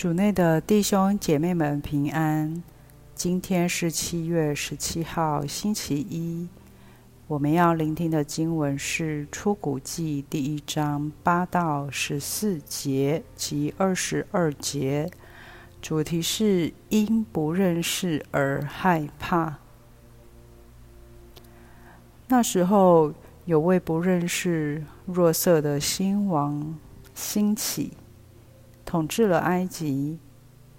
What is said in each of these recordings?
主內的弟兄姐妹們平安。今天是七月十七號星期一，我們要聆聽的經文是《出谷記》第一章八到十四節及二十二節，主題是因不認識而害怕。那時候有位不認識若瑟的新王興起。統治了埃及，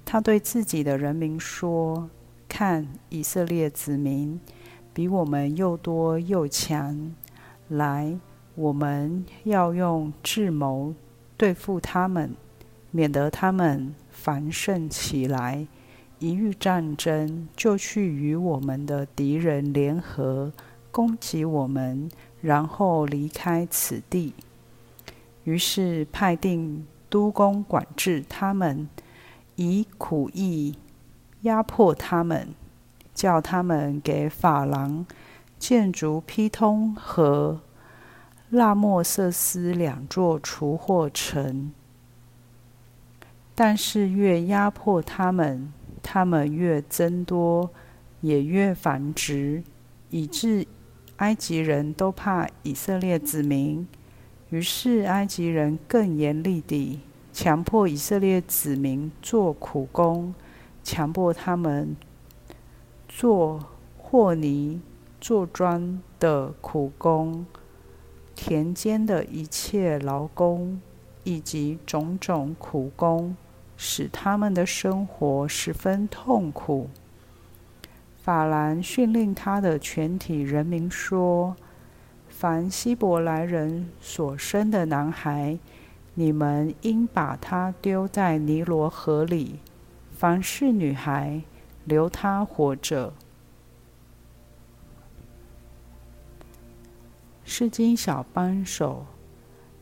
他對自己的人民說：“看，以色列子民比我們又多又強。來，我們要用智謀對付他們，免得他們繁盛起來。一遇戰爭，就去與我們的敵人聯合，攻擊我們，然後離開此地。”於是派定。督工，管制他們，以苦役壓迫他們，叫他們給法郎建築丕通和辣默色斯兩座貯貨城。但是越壓迫他們，他們越增多，也越繁殖，以致埃及人都怕以色列子民。於是，埃及人更嚴厲地強迫以色列子民做苦工，強迫他們做和泥、做磚的苦工，田間的一切勞工以及種種苦工，使他們的生活十分痛苦。法郎訓令他的全體人民說。凡希伯來人所生的男孩，你們應把他丟在尼羅河裡；凡是女孩，留他活着。聖經小幫手，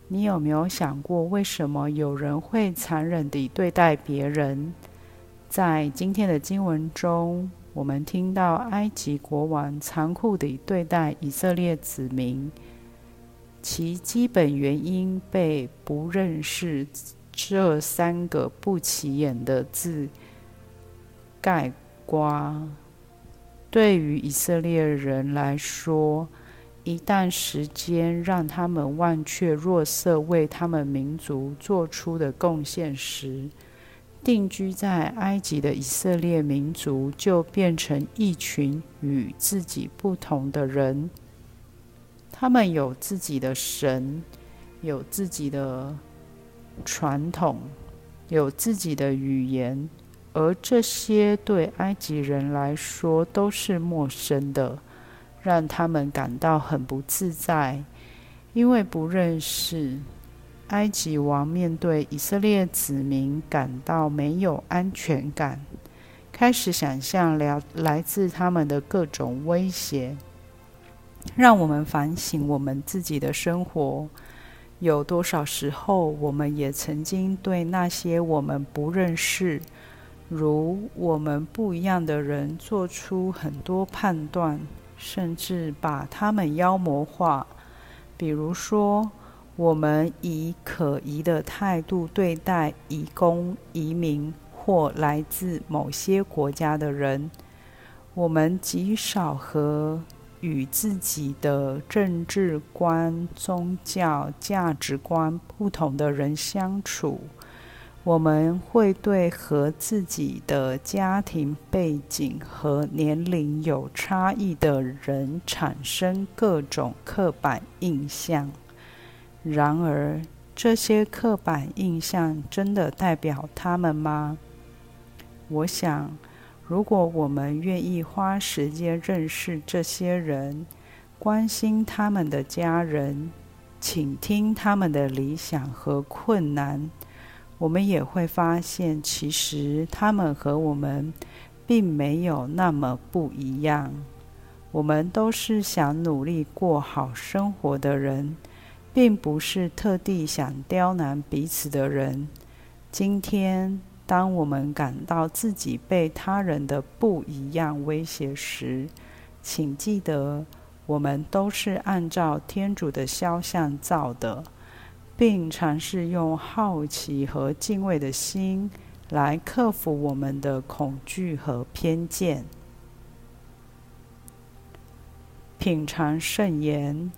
你有沒有想過為什麼有人會殘忍地對待別人？在今天的經文中。我們聽到埃及國王殘酷地對待以色列子民，其基本原因被不認識這三個不起眼的字概括。對於以色列人來說，一旦時間讓他們忘卻若瑟，為他們民族做出的貢獻時，定居在埃及的以色列民族，就變成一群與自己不同的人。他們有自己的神，有自己的傳統，有自己的語言，而這些對埃及人來說都是陌生的，讓他們感到很不自在，因為不認識。埃及王面對以色列子民，感到沒有安全感，開始想象來自他們的各種威脅。讓我們反省我們自己的生活，有多少時候，我們也曾經對那些我們不認識、如我們不一樣的人，做出很多判斷，甚至把他們妖魔化，比如說。我們以可疑的態度對待移工、移民或來自某些國家的人。我們極少和與自己的政治觀、宗教價值觀不同的人相處。我們會對和自己的家庭背景和年齡有差異的人產生各種刻板印象。然而，這些刻板印象真的代表他們嗎？我想，如果我們願意花時間認識這些人，關心他們的家人，傾聽他們的理想和困難，我們也會發現，其實他們和我們並沒有那麼不一樣。我們都是想努力過好生活的人。並不是特地想刁難彼此的人。今天，當我們感到自己被他人的不一樣威脅時，請記得，我們都是按照天主的肖像造的，並嘗試用好奇和敬畏的心來克服我們的恐懼和偏見。品嘗聖言。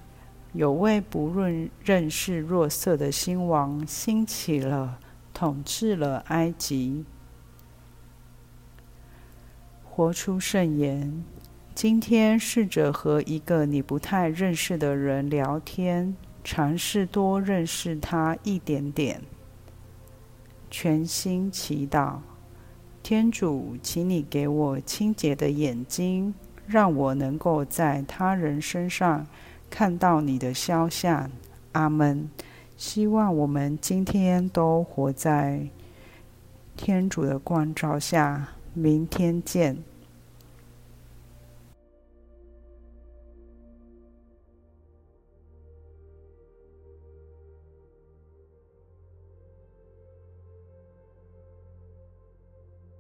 有位不認識若瑟的新王興起了，統治了埃及。活出聖言，今天試着和一個你不太認識的人聊天，嘗試多認識他一點點。全心祈禱，天主，請你給我清潔的眼睛，讓我能夠在他人身上。看到你的肖像，阿門。希望我們今天都活在天主的光照下。明天見。